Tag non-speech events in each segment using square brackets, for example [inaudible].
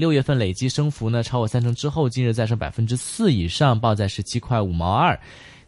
六月份累計升幅呢超過三成之後，今日再升百分之四以上，報在十七塊五毛二。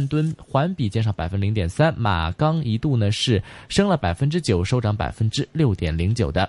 萬噸環比減少百分零點三，馬鋼一度呢是升了百分之九，收漲百分之六點零九的。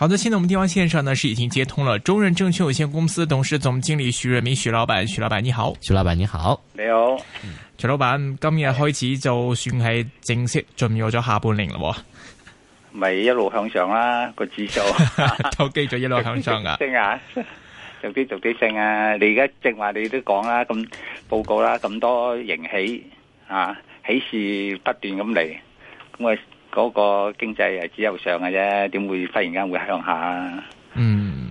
好的，現在我們電話線上呢是已經接通了中潤證券有限公司董事總經理徐潤民，徐老闆，徐老闆你好，你好、嗯，徐老闆你好，你好，徐老闆今日開始就算係正式進入咗下半年喎，咪一路向上啦個指數 [laughs] [laughs] 都繼續一路向上噶，升啊，逐啲逐啲升啊，你而家正話你都講啦，咁報告啦咁多盈喜啊，喜事不斷咁嚟，咁啊。嗰個經濟係只有上嘅啫，點會忽然間會向下啊？嗯，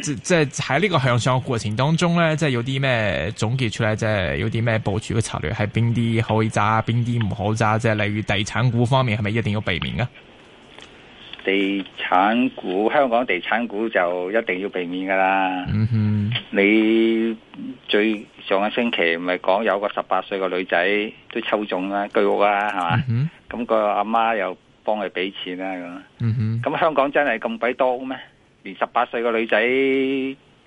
即係喺呢個向上嘅過程當中咧，即係有啲咩總結出嚟？即係有啲咩部署嘅策略，係邊啲可以揸，邊啲唔好揸？即係例如地產股方面，係咪一定要避免啊？地產股，香港地產股就一定要避免噶啦。Mm hmm. 你最上個星期咪講有個十八歲個女仔都抽中啦居屋啦，係、啊、嘛？咁、mm hmm. 個阿媽又幫佢俾錢啦咁。咁、mm hmm. 香港真係咁鬼多咩？連十八歲個女仔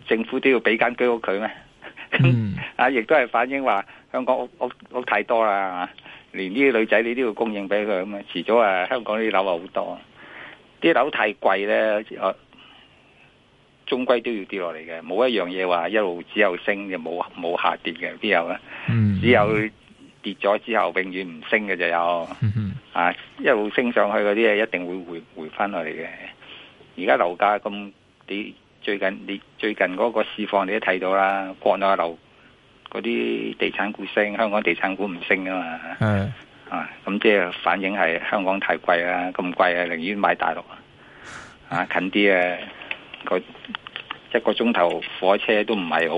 政府都要俾間居屋佢咩？啊、mm，亦、hmm. [laughs] 都係反映話香港屋屋屋太多啦，連呢個女仔你都要供應俾佢咁啊，遲早啊香港啲樓啊好多。啲樓太貴咧，終歸都要跌落嚟嘅。冇一樣嘢話一路只有升嘅，冇冇下跌嘅，邊有咧？嗯、只有跌咗之後永遠唔升嘅就有。嗯嗯、啊，一路升上去嗰啲嘢一定會回回翻落嚟嘅。而家樓價咁，你最近你最近嗰個市況你都睇到啦，國內樓嗰啲地產股升，香港地產股唔升啊嘛。咁、啊、即係反映係香港太貴啦，咁貴啊，寧願、啊、買大陸啊。啊，近啲啊，一個鐘頭火車都唔係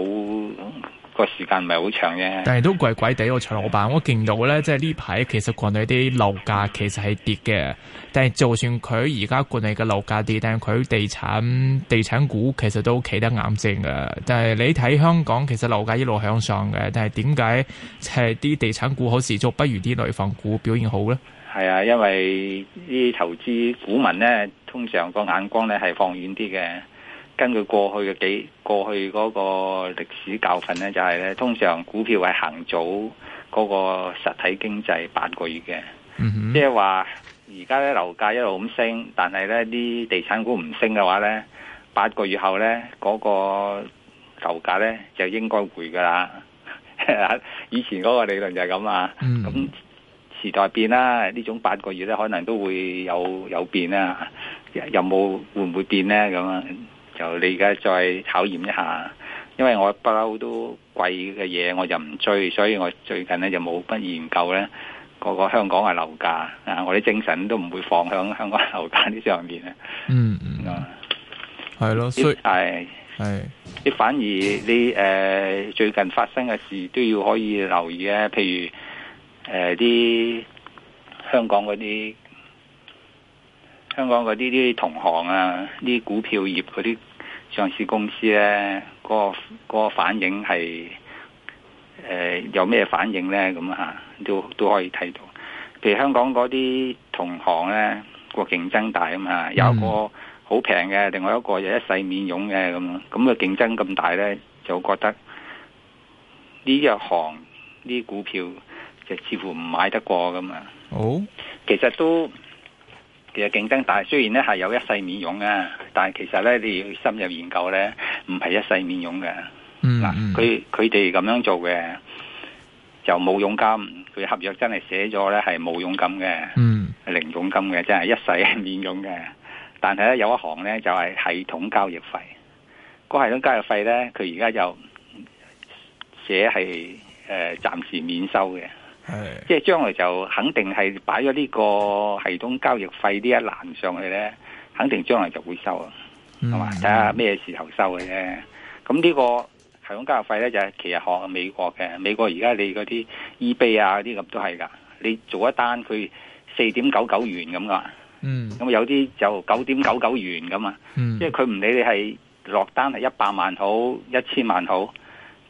好。個時間唔係好長嘅，但係都鬼鬼地個徐老闆，我見到咧，即係呢排其實國內啲樓價其實係跌嘅，但係就算佢而家國內嘅樓價跌，但係佢地產地產股其實都企得硬正嘅。但係你睇香港，其實樓價一路向上嘅，但係點解即係啲地產股好似始終不如啲內房股表現好咧？係啊，因為啲投資股民咧，通常個眼光咧係放遠啲嘅。根據過去嘅幾過去嗰個歷史教訓呢就係、是、呢：通常股票係行早嗰個實體經濟八個月嘅，即係話而家咧樓價一路咁升，但係呢啲地產股唔升嘅話呢，八個月後呢嗰、那個樓價呢就應該回㗎啦。以前嗰個理論就係咁呀。咁時、嗯、哼代變啦，呢種八個月呢可能都會有有變呀，有冇會唔會變呢？咁呀。就你而家再考驗一下，因為我不嬲都貴嘅嘢，我就唔追，所以我最近咧就冇乜研究咧。個個香港嘅樓價啊，我啲精神都唔會放響香港嘅樓價呢上面啊。嗯嗯啊，係咯，所以係你反而你誒、呃、最近發生嘅事都要可以留意咧，譬如誒啲、呃、香港嗰啲。香港嗰啲啲同行啊，啲股票業嗰啲上市公司咧，嗰個、嗰個反應係誒、呃，有咩反應咧？咁啊，都都可以睇到。譬如香港嗰啲同行咧，個競爭大啊嘛，有一個好平嘅，另外一個又一世免佣嘅咁樣，咁個競爭咁大咧，就覺得呢一行啲股票就似乎唔買得過咁啊。好，oh? 其實都。其實競爭大，雖然咧係有一世免佣啊，但係其實咧你要深入研究咧，唔係一世免佣嘅。嗯、mm，嗱、hmm.，佢佢哋咁樣做嘅就冇佣金，佢合約真係寫咗咧係冇佣金嘅，mm hmm. 零佣金嘅，真係一世免佣嘅。但係咧有一行咧就係、是、系統交易費，個系統交易費咧佢而家就寫係誒暫時免收嘅。即係將來就肯定係擺咗呢個系統交易費呢一欄上去咧，肯定將來就會收啊，係嘛、嗯？睇下咩時候收嘅啫。咁、嗯、呢個系統交易費咧就係、是、其實學美國嘅，美國而家你嗰啲 ebay 啊啲咁都係噶，你做一單佢四點九九元咁啊，嗯，咁有啲就九點九九元咁啊，即、嗯、因為佢唔理你係落單係一百萬好，一千萬好，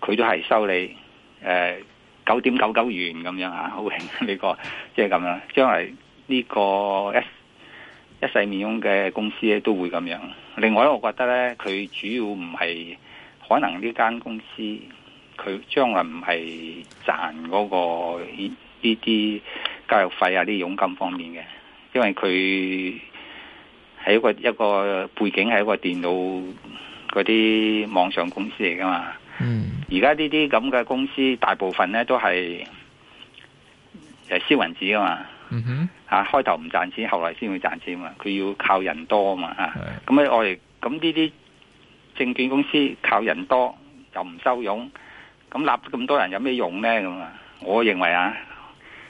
佢都係收你，誒、呃。九點九九元咁樣吓，好平呢個，即係咁啦。將來呢個一一世面用嘅公司咧都會咁樣。另外咧，我覺得咧，佢主要唔係可能呢間公司佢將來唔係賺嗰、嗰個呢啲交易費啊、啲佣金方面嘅，因為佢係一個一個背景係一個電腦嗰啲網上公司嚟噶嘛。嗯。而家呢啲咁嘅公司，大部分呢都係誒燒銀紙啊嘛，吓、嗯哼啊、開頭唔賺錢，後來先會賺錢嘛。佢要靠人多嘛的啊嘛吓，咁我哋咁呢啲證券公司靠人多又唔收佣，咁立咁多人有咩用呢？咁啊？我認為啊，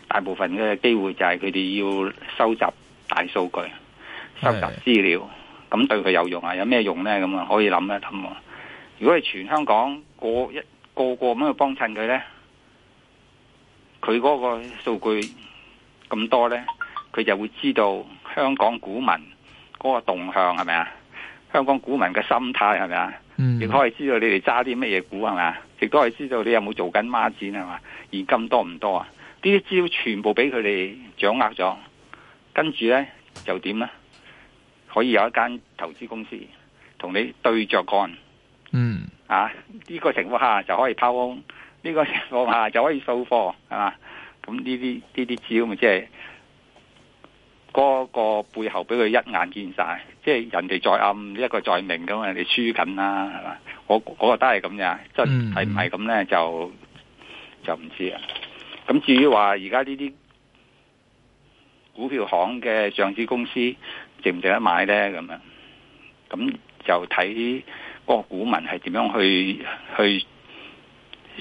大部分嘅機會就係佢哋要收集大數據、收集資料，咁的對佢有用啊？有咩用呢？咁啊？可以諗一諗。如果係全香港個一個個咁去幫襯佢呢，佢嗰個數據咁多呢，佢就會知道香港股民嗰個動向係咪啊？香港股民嘅心態係咪啊？亦都、嗯、可以知道你哋揸啲乜嘢股係咪啊？亦都可以知道你有冇做緊孖展係嘛？現金多唔多啊？呢啲資料全部俾佢哋掌握咗，跟住呢，就點呢？可以有一間投資公司同你對着幹。嗯，啊呢個情況下就可以拋空，呢個情況下就可以收貨，係嘛？咁呢啲呢啲招咪即係嗰個背後俾佢一眼見晒，即係人哋再暗，一個再明咁，人哋輸緊啦，係嘛？我我覺得係咁嘅，真係唔係咁咧就就唔知啦。咁至於話而家呢啲股票行嘅上市公司值唔值得買咧？咁樣咁就睇。個股民係點樣去去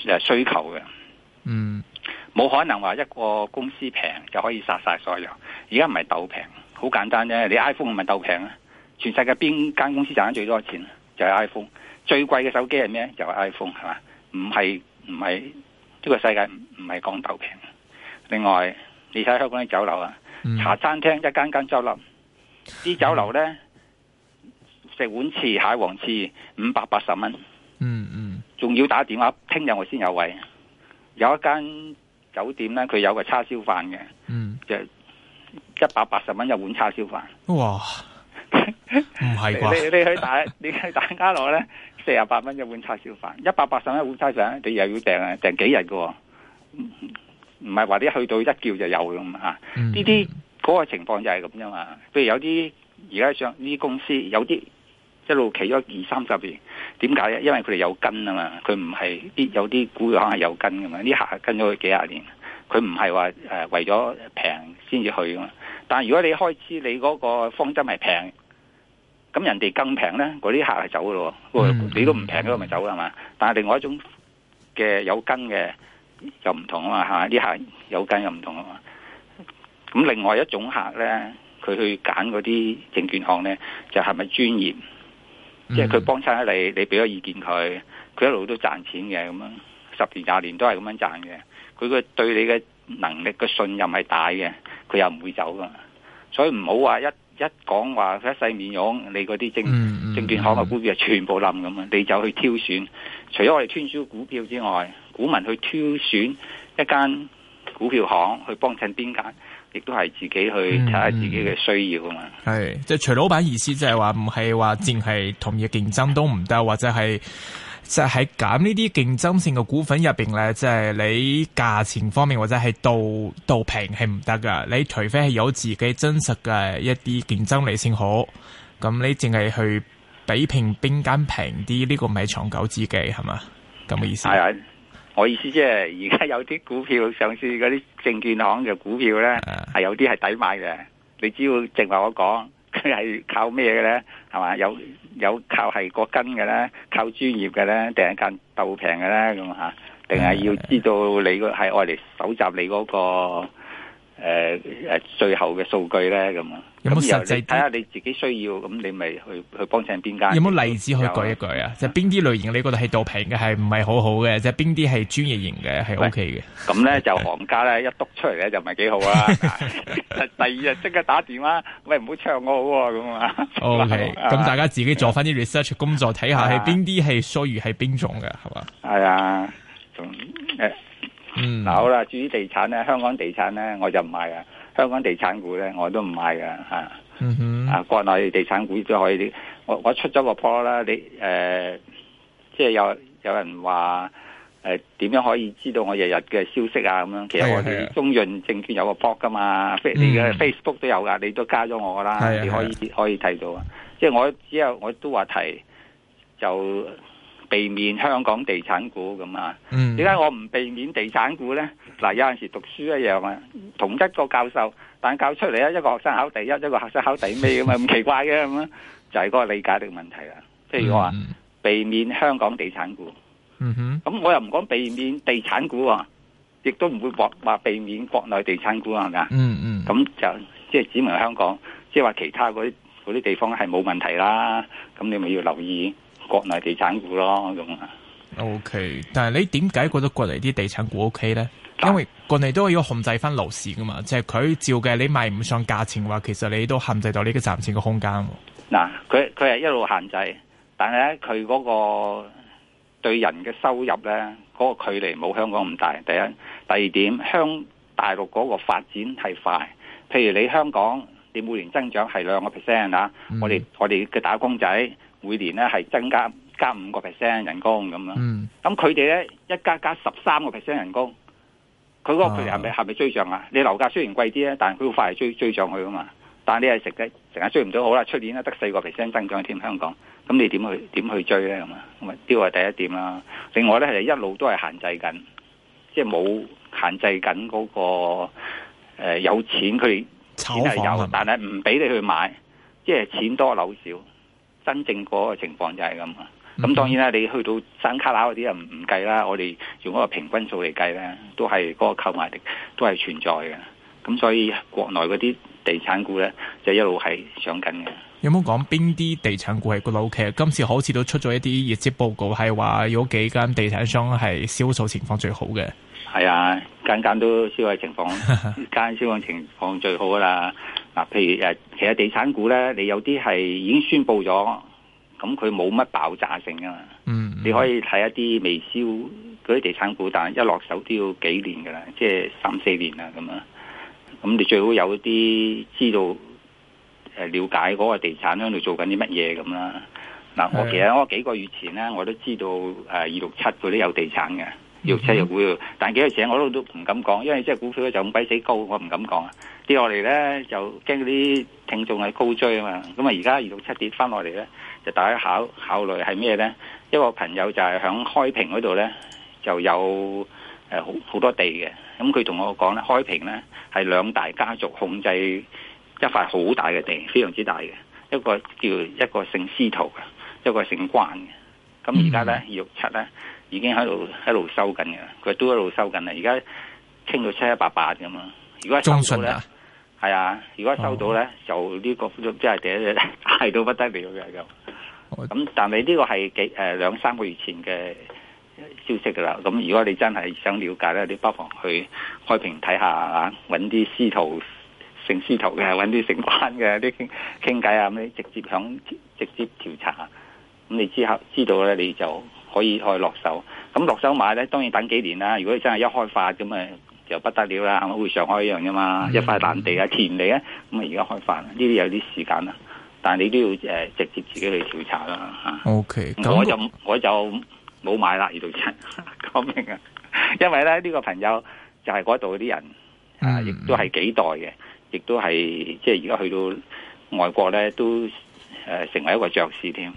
誒、啊、需求嘅？嗯，冇可能話一個公司平就可以殺晒所有。而家唔係鬥平，好簡單啫。你 iPhone 唔係鬥平啊？全世界邊間公司賺得最多錢？就係、是、iPhone。最貴嘅手機係咩？就係、是、iPhone 係嘛？唔係唔係，呢、這個世界唔係講鬥平。另外，你睇香港啲酒樓啊，茶餐廳一間間執笠、嗯、酒樓，啲酒樓咧。食碗翅、蟹皇翅，五百八十蚊、嗯。嗯嗯，仲要打電話，聽日我先有位。有一間酒店咧，佢有個叉燒飯嘅。嗯，就一百八十蚊一碗叉燒飯。哇，唔係啩 [laughs] 你你,你去打，你去大家樂咧，四十八蚊一碗叉燒飯，一百八十蚊一碗叉燒飯，你又要訂啊？訂幾日嘅、哦？唔係話你去到一叫就有咁啊？呢啲嗰個情況就係咁樣嘛。譬如有啲而家上呢啲公司，有啲。一路企咗二三十年，點解？因為佢哋有根啊嘛，佢唔係啲有啲股行係有根噶嘛，啲客跟咗佢幾廿年，佢唔係話誒為咗平先至去噶嘛。但係如果你開支你嗰個方針係平，咁人哋更平咧，嗰啲客係走噶咯。你都唔平嗰個咪走係嘛？但係另外一種嘅有根嘅又唔同啊嘛，係嘛？啲客有根又唔同啊嘛。咁另外一種客咧，佢去揀嗰啲證券行咧，就係咪專業？即係佢幫襯你，你俾咗意見佢，佢一路都賺錢嘅咁樣，十年廿年都係咁樣賺嘅。佢個對你嘅能力嘅信任係大嘅，佢又唔會走噶。所以唔好話一一講話佢一世免佣，你嗰啲證證券行嘅股票就全部冧咁啊。你就去挑選，除咗我哋穿梭股票之外，股民去挑選一間股票行去幫襯邊間。亦都係自己去睇下自己嘅需要啊嘛、嗯，係即係徐老闆意思，即係話唔係話淨係同業競爭都唔得，或者係即係喺揀呢啲競爭性嘅股份入邊咧，即係你價錢方面或者係到到平係唔得噶，你除非係有自己真實嘅一啲競爭力先好，咁你淨係去比拼邊間平啲，呢個唔係長久之計係嘛？咁嘅意思。我意思即係而家有啲股票，上次嗰啲證券行嘅股票咧，係 Yeah. 有啲係抵買嘅。你只要淨話我講，佢係靠咩嘅咧？係嘛？有有靠係個根嘅咧，靠專業嘅咧，定係間鬥平嘅咧咁嚇？定係要知道你個係愛嚟搜集你嗰、那個誒、呃、最後嘅數據咧咁啊？有冇實際？睇下你自己需要，咁你咪去去幫襯邊間。有冇例子去舉一舉啊？就邊啲類型你覺得係度平嘅，係唔係好好嘅？就邊啲係專業型嘅，係 O K 嘅。咁咧就行家咧一督出嚟咧就唔係幾好啦。第二日即刻打電話，喂，唔好唱我好咁啊！O K，咁大家自己做翻啲 research 工作，睇下係邊啲係需要，係邊種嘅，係嘛？係啊，嗱好啦，至於地產咧，香港地產咧，我就唔買啊。香港地產股咧，我都唔買㗎。嚇、啊。嗯哼啊，國內地產股都可以。我我出咗個 port 啦，你、呃、即係有有人話點、呃、樣可以知道我日日嘅消息啊？咁樣其實我哋中潤證券有個 port 噶嘛，face 的你嘅 Facebook 都有噶，嗯、你都加咗我啦，是的是的，你可以可以睇到啊。即係我只有我都話提就。避免香港地產股咁啊？點解我唔避免地產股咧？嗱，有陣時讀書一樣啊，同一個教授，但教出嚟，咧，一個學生考第一，一個學生考第尾咁啊，唔奇怪嘅咁啊，就係、是，個理解的問題啦。譬如我話避免香港地產股，咁我又唔講避免地產股，啊，亦都唔會話避免國內地產股係咪啊？嗯嗯，咁就即係指明香港，即係話其他嗰啲嗰啲地方係冇問題啦。咁你咪要留意。國內地產股咯，咁啊。OK，但係你點解覺得國內啲地產股 O K 咧？因為國內都要控制翻樓市噶嘛即係佢照嘅，你賣唔上價錢嘅話，其實你都限制到你嘅賺錢嘅空間。嗱，佢佢係一路限制，但係咧佢嗰個對人嘅收入咧，嗰個距離冇香港咁大。第一，第二點，香大陸嗰個發展係快，譬如你香港你每年增長係兩個 percent 啊，我哋我哋嘅打工仔。每年咧係增加加五個 percent 人工咁樣，咁佢哋咧一加加十三個 percent 人工，佢嗰個佢係咪係咪追上啊？你樓價雖然貴啲啊，但係佢會快係追追上去噶嘛。但係你係成日成日追唔到，好啦，出年咧得四個 percent 增長添。香港咁你點去點去追咧咁啊？咁啊，呢個係第一點啦。另外咧係一路都係限制緊，即係冇限制緊嗰、那個誒、呃、有錢佢哋錢係有，但係唔俾你去買，即係錢多樓少。真正嗰個情況就係咁啊！咁當然啦，你去到山卡拉嗰啲啊唔計啦，我哋用嗰個平均數嚟計咧，都係嗰個購買力都係存在嘅。咁所以國內嗰啲地產股咧，就一路係上緊嘅。有冇講邊啲地產股係個老騎？今次好似都出咗一啲業績報告，係話有幾間地產商係銷售情況最好嘅。係啊。間間都消費情況，間消費情況最好噶啦。嗱，譬如誒，其實地產股咧，你有啲係已經宣布咗，咁佢冇乜爆炸性噶嘛、嗯。嗯，你可以睇一啲未銷嗰啲地產股，但係一落手都要幾年噶啦，即係三四年啦咁啊。咁你最好有一啲知道誒，了解嗰個地產喺度做緊啲乜嘢咁啦。嗱，嗯，我其實我幾個月前咧，我都知道誒二六七嗰啲有地產嘅。Mm hmm. 六七又股，但幾多錢我都都唔敢講，因為即係股票就咁鬼死高，我唔敢講啊！跌落嚟咧，就驚啲聽眾係高追啊嘛！咁啊而家二六七跌翻落嚟咧，就大家考考慮係咩咧？一個朋友就係響開平嗰度咧，就有誒、呃、好好多地嘅。咁佢同我講咧，開平咧係兩大家族控制一塊好大嘅地，非常之大嘅。一個叫一個姓司徒嘅，一個姓關嘅。咁而家咧，mm hmm. 二六七咧。已經喺度喺度收緊嘅，佢都一路收緊啦。而家傾到七七八八咁嘛。如果收到咧，係啊。如果收到咧，哦、就呢、這個即係跌到不得了嘅又。咁但係呢個係幾誒兩、呃、三個月前嘅消息噶啦。咁如果你真係想了解咧，你不妨去開平睇下啊，揾啲司徒姓司徒嘅，揾啲姓關嘅，啲傾傾偈啊，咁你直接響直接調查。咁你之後知道咧，你就。可以去落手，咁落手買咧，當然等幾年啦。如果你真係一開發咁啊，就不得了啦，好似上海一樣啫嘛。Mm hmm. 一塊爛地啊，田地啊，咁啊，而家開發，呢啲有啲時間啦。但係你都要、呃、直接自己去調查啦嚇。O Okay , K，嗯、我就、那個、我就冇買啦，而度真講明啊， [laughs] 因為咧呢、呢個朋友就係嗰度啲人啊，亦都係幾代嘅，亦都係即係而家去到外國咧都呃、成為一個爵士添。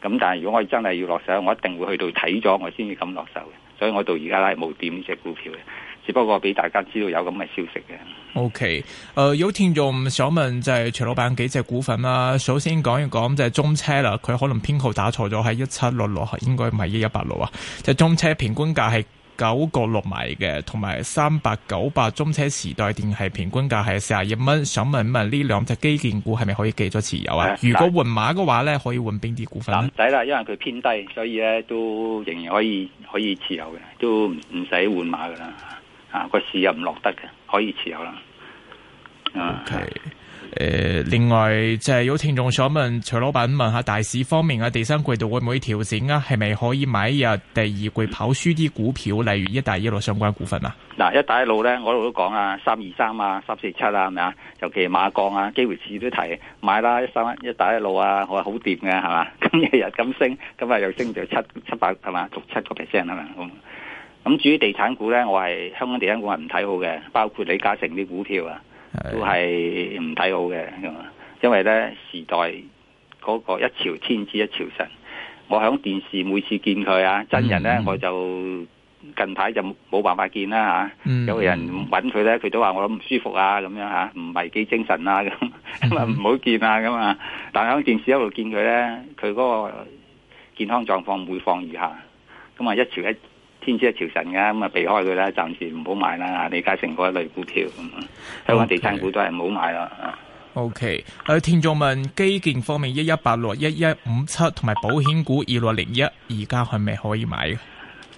咁但係如果我真係要落手，我一定會去到睇咗，我先至咁落手嘅。所以我到而家咧冇點呢隻股票嘅，只不過俾大家知道有咁嘅消息嘅。O K，誒有聽眾想問就係徐老闆幾隻股份啦，啊。首先講一講就係中車啦，佢可能編號打錯咗，係一七六六，應該唔係一一八六啊。就係中車平均價係，九個六米嘅，同埋三八九八中車時代電氣平均價係四啊二蚊。想問一問呢兩隻基建股係咪可以繼續持有啊？如果換馬嘅話呢，但可以換邊啲股份？唔使啦，因為佢偏低，所以呢都仍然可以可以持有嘅，都唔使換馬噶啦。啊，個市又唔落得嘅，可以持有啦。啊，係。誒、呃，另外就係、是、有聽眾想問，徐老闆問下大市方面啊，第三季度會唔會調整啊？係咪可以買入第二季跑輸啲股票，例如一帶一路相關股份啊？嗱，一帶一路咧，我都講啊，三二三啊，三四七啊，係咪啊？尤其馬鋼啊，機會次都提買啦，一三一帶一路啊，我話好掂嘅係嘛，咁日日咁升，咁啊又升咗七七百係嘛，六七個 percent 係嘛，咁咁、嗯、至於地產股咧，我係香港地產股係唔睇好嘅，包括李嘉誠啲股票啊。是都係唔睇好嘅，因為咧時代嗰個一朝天子一朝臣。我響電視每次見佢啊，真人咧、嗯、我就近排就冇辦法見啦吓，嗯、有個人搵佢咧，佢都話我唔舒服啊咁樣吓，唔係幾精神啊咁，咁啊唔好見啊咁啊，但係響電視一路見佢咧，佢嗰個健康狀況每況愈下，咁啊一朝一。先知係朝神噶，咁啊避開佢啦，暫時唔好買啦李嘉誠嗰一類股票。香港地產股都係唔好買咯。OK，誒、okay.，聽眾問基建方面，一一八六、一一五七同埋保險股二六零一，而家係咪可以買？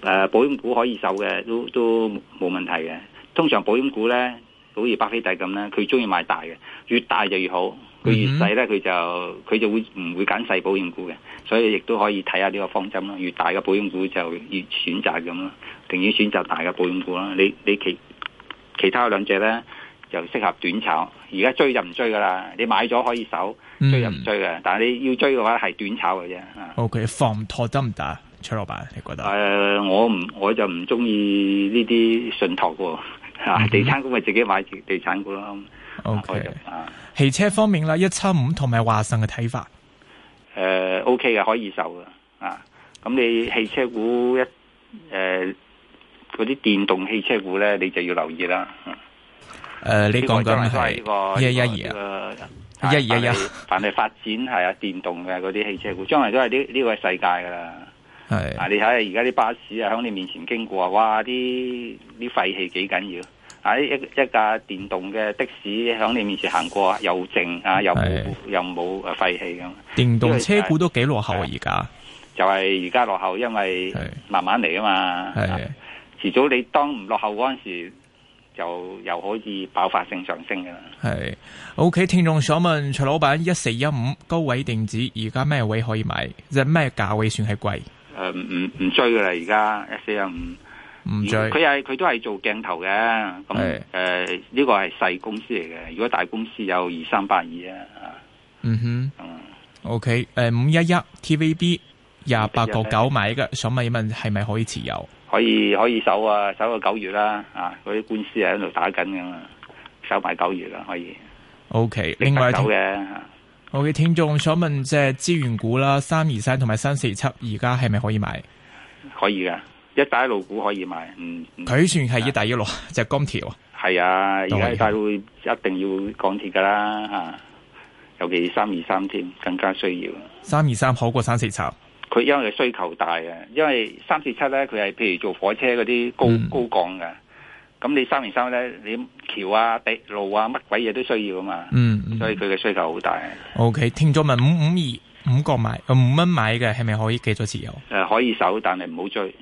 誒，保險股可以受嘅都都冇問題嘅。通常保險股咧，好似巴菲特咁咧，佢中意買大嘅，越大就越好。佢越細咧，佢就佢就會唔會揀細保險股嘅，所以亦都可以睇下呢個方針啦。越大嘅保險股就越選擇咁咯，寧願選擇大嘅保險股啦。你你其其他兩隻咧就適合短炒，而家追就唔追噶啦。你買咗可以守，追就唔追嘅？但係你要追嘅話係短炒嘅啫。OK，房託得唔得，崔老闆，你覺得？誒，我唔我就唔中意呢啲信託喎。地產股咪自己買地產股咯。O、okay, K 啊，汽車方面啦，一七五同埋華晨嘅睇法，誒，O K 嘅可以受噶啊，咁你汽車股一誒嗰啲電動汽車股咧，你就要留意啦。誒、呃，你、啊、講緊係一一二個一一二一，啊這個啊啊、凡係、啊、發展係啊，電動嘅嗰啲汽車股，將來都係呢呢個世界噶啦。係、啊、你睇下而家啲巴士啊，響你面前經過，哇，啲啲廢氣幾緊要。喺、啊、一一架電動嘅的，的士喺你面前行過，又靜啊，又是又冇誒廢氣咁。電動車股都幾落後啊，而家是就係而家落後，因為慢慢嚟啊嘛。係，遲早你當唔落後嗰陣時候，就又可以爆發性上升噶啦。係，OK，聽眾所問，徐老闆一四一五高位定止，而家咩位可以買？即係咩價位算係貴？誒、呃，唔唔唔追噶啦，而家一四一五。唔追佢係佢都係做鏡頭嘅，咁誒呢個係細公司嚟嘅。如果大公司有二三百二啊，嗯哼，OK 誒五一一 TVB 廿八個九買嘅，20 想問一問係咪可以持有？可以可以守啊，守個九月啦，啊，嗰啲官司係喺度打緊噶嘛，守埋九月啦，可以。OK，另外一聽，OK，、嗯、聽眾想問即係資源股啦，三二三同埋三四七，而家係咪可以買？可以噶。一帶一路股可以買，嗯，佢、嗯、算係一帶一路，隻鋼鐵啊。係條啊，而家一帶路一定要鋼鐵噶啦，吓吧，尤其三二三添，更加需要。三二三好過三四七，佢因為需求大啊。因為三四七咧，佢係譬如做火車嗰啲高、嗯、高港噶，咁你三二三咧，你橋啊、地路啊，乜鬼嘢都需要啊嘛嗯。嗯，所以佢嘅需求好大。O、okay, K，聽咗問五五二五個買，五蚊買嘅係咪可以繼續持有？誒、啊，可以守，但係唔好追。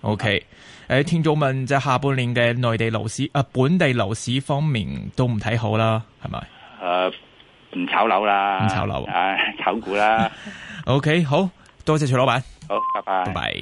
O K，誒，okay, 聽眾問就下半年嘅內地樓市啊，本地樓市方面都唔睇好啦，係咪？誒、呃，唔炒樓啦，唔炒樓，誒、啊，炒股啦。 [laughs] o、okay, K，好多謝徐老闆，好，拜拜，拜。